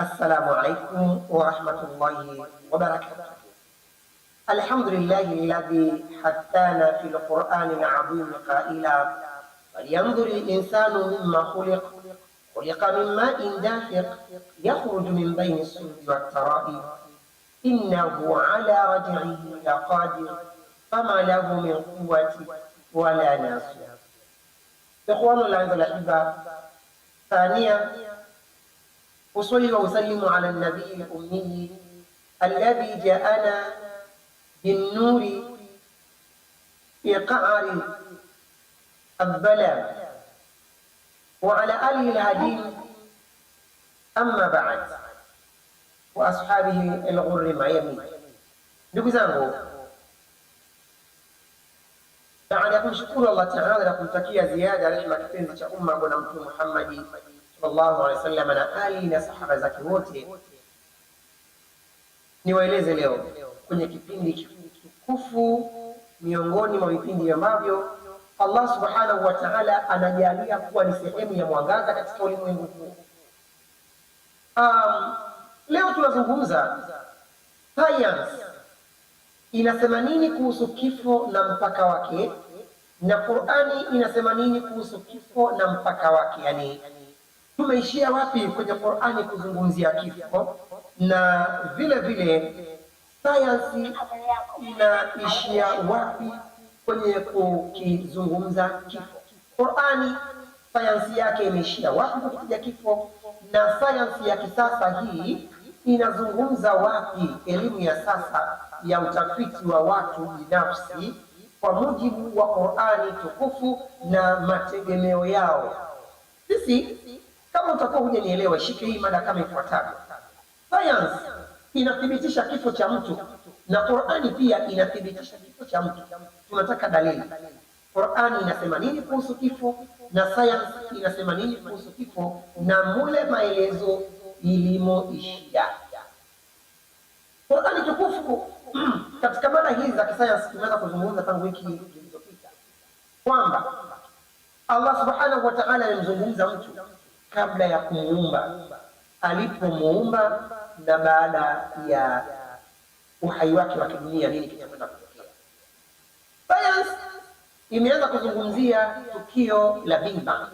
السلام عليكم ورحمة الله وبركاته الحمد لله الذي حثانا في القرآن العظيم قائلا فلينظر الإنسان مما خلق خلق من ماء دافق يخرج من بين الصلب والترائب إنه على رجعه لقادر فما له من قوة ولا ناصر إخوان الله الأحبة ثانيا أصلي وأسلم على النبي الأمي الذي جاءنا بالنور في قعر الظلا وعلى آل الهادي أما بعد وأصحابه الغر معيمين نقزانه بعد أن شكر الله تعالى لكم تكيا زيادة رحمة كتنزة أمة بنا محمد sallallahu alaihi wasallam na ali na sahaba zake wote. Niwaeleze leo kwenye kipindi kitukufu, miongoni mwa vipindi ambavyo Allah subhanahu wa ta'ala anajalia kuwa ni sehemu ya mwangaza katika ulimwengu huu. Um, leo tunazungumza science inasema nini kuhusu kifo na mpaka wake, na Qur'ani inasema nini kuhusu kifo na mpaka wake, yani Tumeishia wapi kwenye Qur'ani kuzungumzia kifo? Na vile vile sayansi inaishia wapi kwenye kukizungumza kifo? Qur'ani sayansi yake imeishia wapi kupitia kifo, na sayansi ya kisasa hii inazungumza wapi? Elimu ya sasa ya utafiti wa watu binafsi kwa mujibu wa Qur'ani tukufu na mategemeo yao sisi kama utakuwa hujanielewa, shike hii mada kama ifuatavyo. Science inathibitisha kifo cha mtu na Qur'ani pia inathibitisha kifo cha mtu. Tunataka dalili. Qur'ani inasema nini kuhusu kifo na science inasema nini kuhusu kifo, na mule maelezo ilimoishia. Qur'ani tukufu katika mada hizi za kisayansi tumeweza kuzungumza tangu wiki zilizopita kwamba Allah subhanahu wa ta'ala alimzungumza mtu kabla ya kumuumba, alipomuumba na baada ya uhai wake wa kidunia, nini kwenda kutokea. Sayansi imeanza kuzungumzia tukio la Big Bang.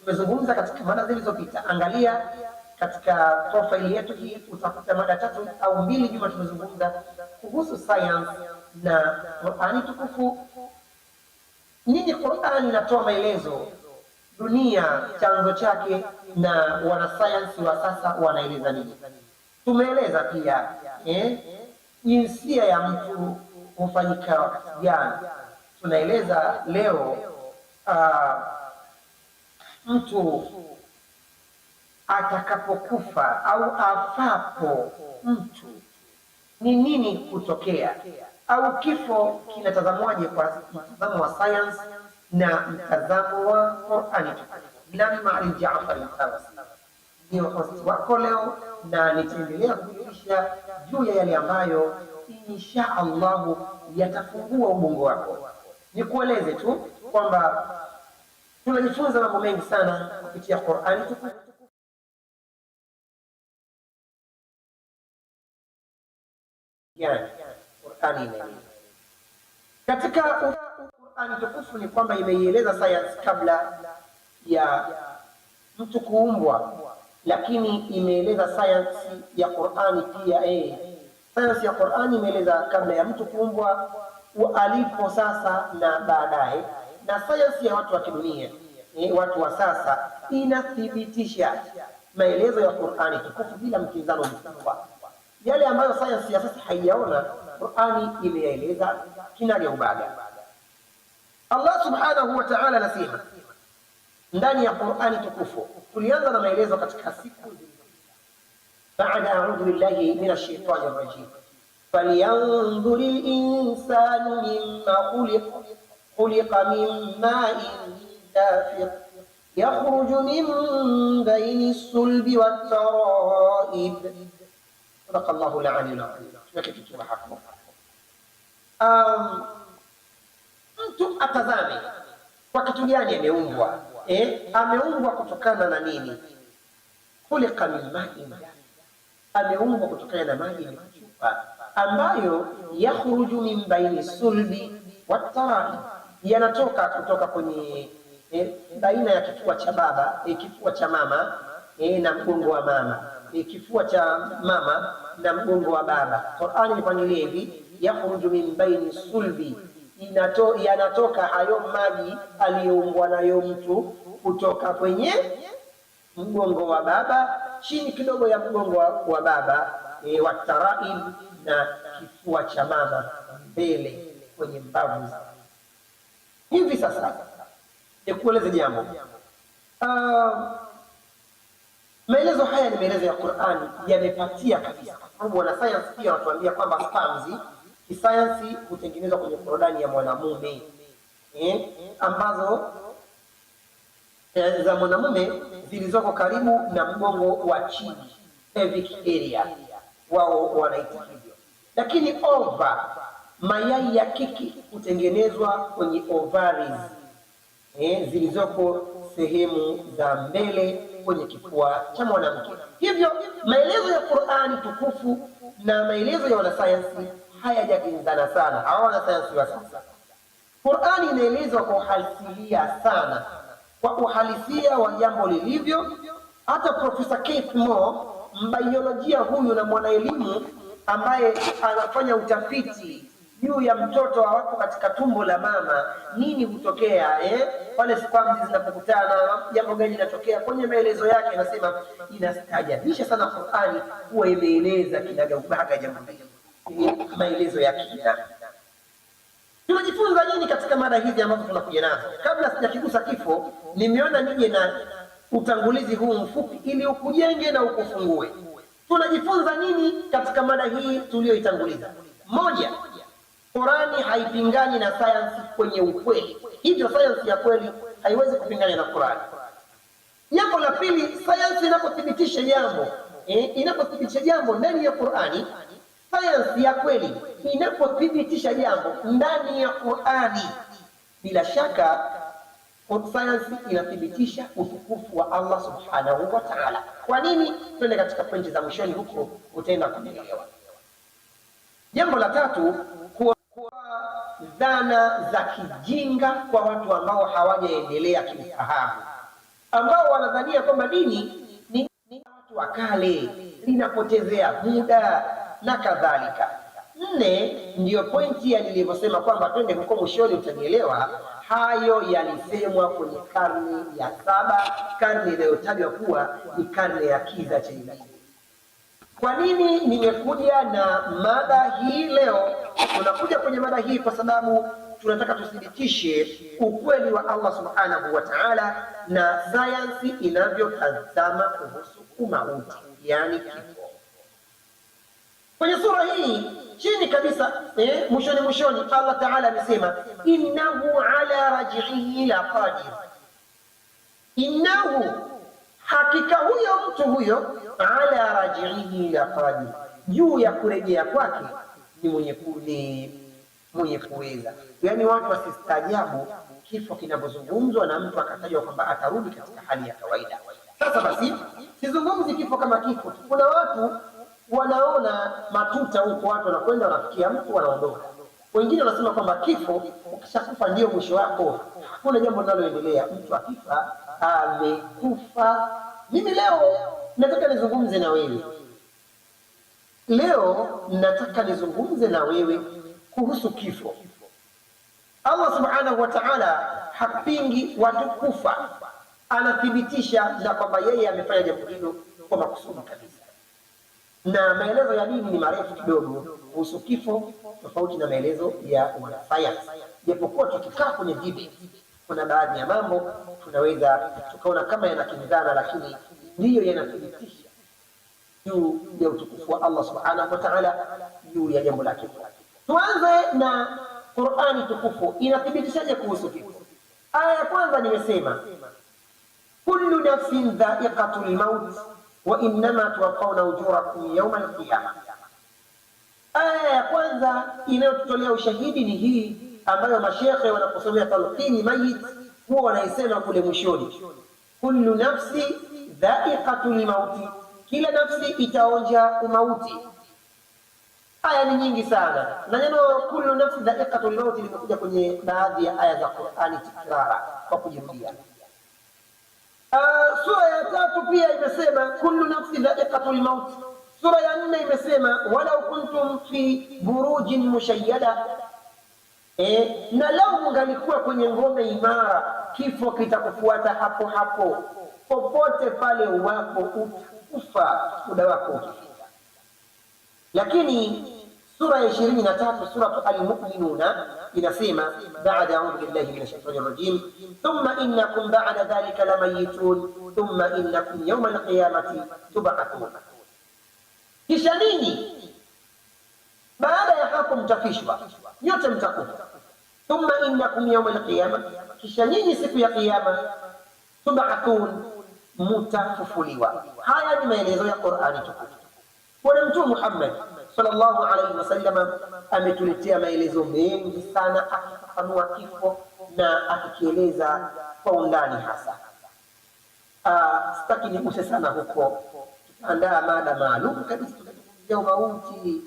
Tumezungumza katika mada zilizopita, angalia katika profaili yetu hii utakuta mada tatu au mbili nyuma tumezungumza kuhusu sayansi na Qurani tukufu. Nyinyi Qurani inatoa maelezo dunia chanzo chake na wanasayansi wa sasa wanaeleza nini. Tumeeleza pia eh, jinsia ya mtu hufanyika jana. Tunaeleza leo uh, mtu atakapokufa au afapo mtu ni nini kutokea, au kifo kinatazamwaje kwa mtazamo wa sayansi na mtazamo wa Qur'ani tukufu. Ali Jaafar Mtavassy ndiyo hosti wako leo, na nitaendelea kujulisha juu ya yale ambayo insha Allahu yatafungua ubongo wako. Nikueleze tu kwamba tunajifunza mambo mengi sana kupitia Qur'ani tukufu. Qur'ani katika tukufu ni kwamba imeieleza sayansi kabla ya mtu kuumbwa, lakini imeeleza sayansi ya Qur'ani pia. Eh, sayansi ya Qur'ani imeeleza kabla ya mtu kuumbwa, alipo sasa na baadaye, na sayansi ya watu wa kidunia eh, watu wa sasa inathibitisha maelezo ya Qur'ani tukufu bila mkinzano mkubwa. Yale ambayo sayansi ya sasa haijaona, Qur'ani imeyaeleza ubaga. Allah subhanahu wa ta'ala anasema ndani ya Qur'ani tukufu, tulianza na maelezo katika siku baada a'udhu billahi minash shaitani rajim falyanzuri linsanu mimma khuliqa khuliqa min ma'in dafiq yakhruju min bayni sulbi wattaraib sadaqa Allahu al-aliyyul azim. Tunakituwa hapo. Um, tu atazame kwa kitu gani ameumbwa. Eh, ameumbwa kutokana na nini? Khuliqa min main, ameumbwa kutokana na maji yaliyochupa ambayo yakhruju min baini sulbi watarahi, yanatoka kutoka kwenye eh, baina ya kifua cha baba eh, kifua cha mama eh, na mgongo wa mama eh, kifua cha mama na mgongo wa baba. Qur'ani ilifanilia hivi, yakhruju min baini sulbi inato, yanatoka hayo maji aliyoumbwa nayo mtu kutoka kwenye mgongo wa baba chini kidogo ya mgongo wa, wa baba e, wa taraib na kifua cha mama mbele kwenye mbavu hivi. Sasa nikueleze jambo. Uh, maelezo haya ni maelezo ya Qur'ani yamepatia kabisa, kwa sababu wanasayansi pia wanatuambia kwamba sperms kisayansi hutengenezwa kwenye korodani ya mwanamume eh, ambazo eh, za mwanamume zilizoko karibu na mgongo wa chini pelvic area, wao wanaita hivyo. Lakini ova, mayai ya kiki hutengenezwa kwenye ovaries eh, zilizoko sehemu za mbele kwenye kifua cha mwanamke. Hivyo maelezo ya Qur'ani tukufu na maelezo ya wanasayansi hayajakinzana sana. Hawa wanasayansi wa sasa, Qur'ani inaelezwa kwa uhalisia sana, kwa uhalisia wa jambo lilivyo. Hata Profesa Keith Moore mbaiolojia huyu na mwanaelimu ambaye anafanya utafiti juu ya mtoto wa watu katika tumbo la mama, nini hutokea eh, pale sperms zinapokutana, jambo gani linatokea? Kwenye maelezo yake anasema inastajabisha sana Qur'ani kuwa imeeleza kinagaubaga jambo hili maelezo ya kina. Tunajifunza nini katika mada hizi ambazo tunakuja nazo? Kabla sijakigusa kifo, nimeona nije na utangulizi huu mfupi ili ukujenge na ukufungue. Tunajifunza nini katika mada hii tuliyoitanguliza? Moja, Qurani haipingani na sayansi kwenye ukweli, hivyo sayansi ya kweli haiwezi kupingana na Qurani. Jambo la pili, sayansi inapothibitisha jambo eh, inapothibitisha jambo ndani ya Qurani sayansi ya kweli inapothibitisha jambo ndani ya Qurani, bila shaka sayansi inathibitisha utukufu wa Allah subhanahu wa ta'ala. Kwa nini? Twende katika pointi za mwishoni, huko utaenda kuelewa. Jambo la tatu, kuwa dhana za kijinga kwa watu ambao hawajaendelea kiufahamu, ambao wanadhania kwamba dini ni watu wa kale, linapotezea muda na kadhalika. Nne ndiyo pointi ya nilivyosema kwamba twende huko mwishoni, utanielewa. Hayo yalisemwa kwenye karne ya saba, karne inayotajwa kuwa ni karne ya kiza cha elimu. Kwa nini nimekuja na mada hii leo? Tunakuja kwenye mada hii kwa sababu tunataka tuthibitishe ukweli wa Allah subhanahu wa ta'ala na sayansi inavyotazama kuhusu umauti, yani kifo. Kwenye sura hii chini kabisa eh, mwishoni mwishoni, Allah Taala amesema innahu ala rajihi la qadir, innahu hakika huyo mtu huyo ala rajihi la qadir, juu ya kurejea kwake ni mwenye kuni mwenye kuweza. Yani watu wasistajabu kifo kinavyozungumzwa na mtu akatajwa kwamba atarudi katika hali ya kawaida. Sasa basi sizungumzi kifo kama kifo, kuna watu wanaona matuta huko, watu wanakwenda wanafikia mtu wanaondoka. Wengine wanasema kwamba kifo, ukishakufa ndio mwisho wako, hakuna jambo linaloendelea. Mtu akifa amekufa. Mimi leo nataka nizungumze na wewe, leo nataka nizungumze na wewe kuhusu kifo. Allah subhanahu wa ta'ala hapingi watu kufa, anathibitisha na kwamba yeye amefanya jambo hilo kwa makusudi kabisa na maelezo ya dini ni marefu kidogo kuhusu kifo, tofauti na maelezo ya wanasayansi, japokuwa tukikaa kwenye dini kuna baadhi ya mambo tunaweza tukaona kama yanakinzana, lakini ndiyo yanathibitisha juu ya utukufu wa Allah subhanahu wa ta'ala juu ya jambo la kifo. Tuanze na Qur'ani tukufu inathibitishaje kuhusu kifo? Aya ya kwanza nimesema, kullu nafsin dha'iqatul maut wa innama tuwafauna ujurakum yauma alqiyama. Aya ya kwanza inayotutolea ushahidi ni hii ambayo mashekhe wanaposomea talqini mayit huwa wanaisema kule mwishoni, kullu nafsi dhaiqatul mauti, kila nafsi itaonja umauti. Aya ni nyingi sana na neno kullu nafsi dhaiqatul mauti limekuja kwenye baadhi ya aya za Qur'ani tikrara kwa kujirudia. Ah, sura ya tatu pia imesema kullu nafsi dha'iqatul maut. Sura ya nne imesema walau kuntum fi burujin mushayyada E, na lau mungalikuwa kwenye ngome imara, kifo kitakufuata hapo hapo, popote pale wako utakufa, muda wako utafika. Lakini sura ya ishirini na tatu Suratu Almuminuna inasema baada ya audhu billahi min shaitani rajim thumma innakum baada dhalika lamayitun thumma innakum yauma alqiyamati tubathun, kisha nini? Baada ya hapo mtafishwa nyote, mtakufa. Thumma innakum yauma alqiyama, kisha nyinyi siku ya Kiyama tubathun, mutafufuliwa. Haya ni maelezo ya Qurani tukufu. Bwana Mtume Muhammad sallallahu alaihi wasallam ametuletea maelezo mengi sana akifafanua kifo na akikieleza kwa undani hasa. Uh, sitaki niguse sana huko, tutaandaa mada maalum kabisa tutazungumzia mauti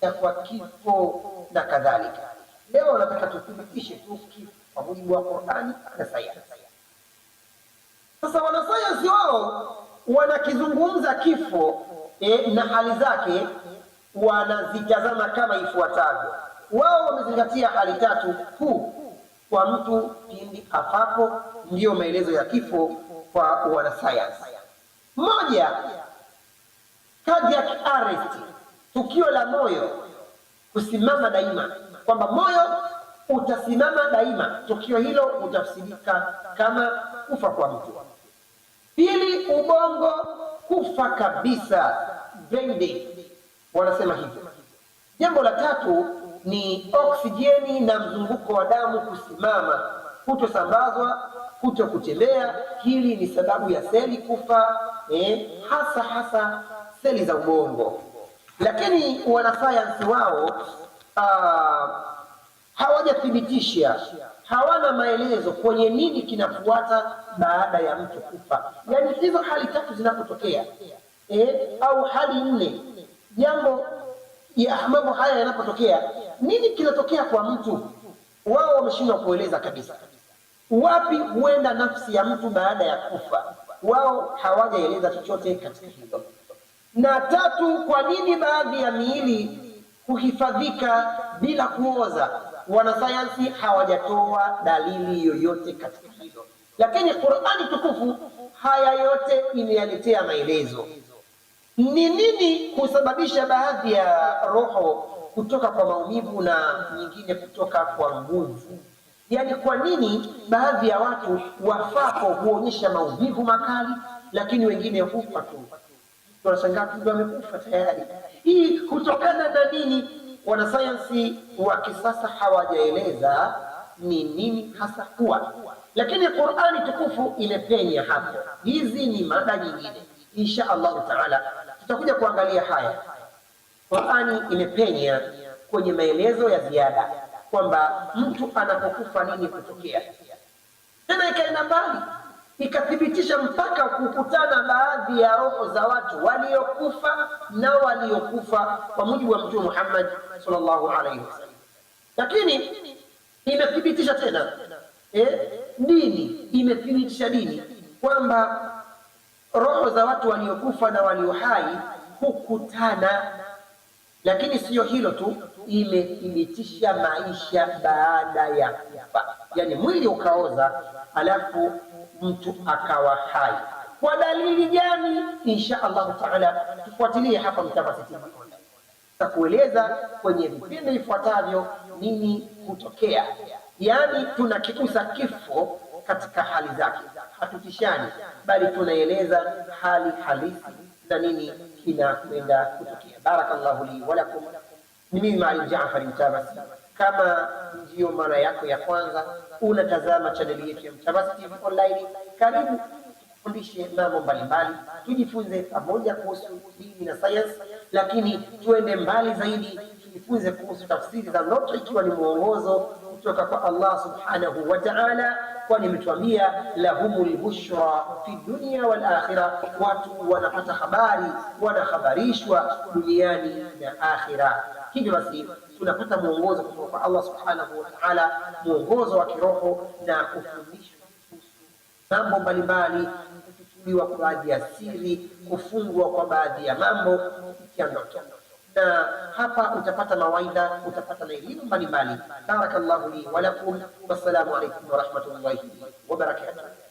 ya kwa kifo na kadhalika. Leo nataka tuthibitishe tu kifo kwa mujibu wa Qur'ani na sayansi. Sasa wanasayansi wao wanakizungumza kifo eh, na hali zake wanazitazama kama ifuatavyo. Wao wamezingatia hali tatu kuu kwa mtu pindi afapo, ndiyo maelezo ya kifo kwa wanasayansi. Moja, cardiac arrest, tukio la moyo kusimama daima, kwamba moyo utasimama daima. Tukio hilo hutafsirika kama kufa kwa mtu. Pili, ubongo kufa kabisa, brain wanasema hivyo. Jambo la tatu ni oksijeni na mzunguko wa damu kusimama, kutosambazwa, kuto kutembea. Hili ni sababu ya seli kufa eh, hasa hasa seli za ubongo. Lakini wanasayansi wao uh, hawajathibitisha hawana maelezo kwenye nini kinafuata baada ya mtu kufa. Yaani hizo hali tatu zinapotokea, eh, au hali nne jambo ya mambo haya yanapotokea, nini kinatokea kwa mtu? Wao wameshindwa kueleza kabisa. Wapi huenda nafsi ya mtu baada ya kufa? Wao hawajaeleza chochote katika hilo. Na tatu, kwa nini baadhi ya miili kuhifadhika bila kuoza? Wanasayansi hawajatoa dalili yoyote katika hilo, lakini Qur'ani tukufu haya yote imeyaletea maelezo. Ni nini husababisha baadhi ya roho kutoka kwa maumivu na nyingine kutoka kwa nguvu? Yaani, kwa nini baadhi ya watu wafapo huonyesha maumivu makali, lakini wengine hufa tu, tunashangaa kumbe wamekufa tayari? Hii kutokana na nini? Wanasayansi wa kisasa hawajaeleza ni nini hasa kuwa, lakini Qur'ani tukufu imepenya hapo. Hizi ni mada nyingine, insha Allahu taala. Tutakuja kuangalia haya. Qur'ani imepenya kwenye maelezo ya ziada kwamba mtu anapokufa nini kutokea, tena ikaenda mbali ikathibitisha mpaka kukutana baadhi ya roho za watu waliokufa na waliokufa kwa mujibu wa Mtume Muhammad sallallahu alaihi wasallam. Lakini imethibitisha tena eh, dini imethibitisha dini kwamba roho za watu waliokufa na waliohai hukutana. Lakini siyo hilo tu, ile imetisha maisha baada ya kufa, yaani mwili ukaoza, alafu mtu akawa hai. Kwa dalili gani? Insha Allahu taala tufuatilie hapa Mtavassy kueleza kwenye vipindi vifuatavyo nini hutokea, yaani tunakigusa kifo katika hali zake, hatutishani bali tunaeleza hali halisi na nini kinakwenda kutokea. Barakallahu li wa lakum. Ni mimi Maalim Jaafari Mtavassy. Kama ndiyo mara yako ya kwanza unatazama chaneli yetu ya Mtavassy TV online, karibu tufundishe mambo mbalimbali, tujifunze pamoja kuhusu dini na sayansi, lakini tuende mbali zaidi, tujifunze kuhusu tafsiri za ndoto, ikiwa ni mwongozo kutoka kwa Allah subhanahu wa ta'ala, kwani imetwambia lahumul bushra fi dunya wal akhirah, watu wanapata habari, wanahabarishwa duniani na akhira. Hivyo basi tunapata mwongozo kutoka kwa Allah subhanahu wa ta'ala, mwongozo wa kiroho na kufundishwa mambo mbalimbali kufichuliwa kwa baadhi ya siri, kufungwa kwa baadhi ya mambo kupitia ndoto. na hapa utapata mawaidha, utapata na elimu mbalimbali. Barakallahu li wa lakum, wassalamu alaykum wa rahmatullahi wa barakatuh.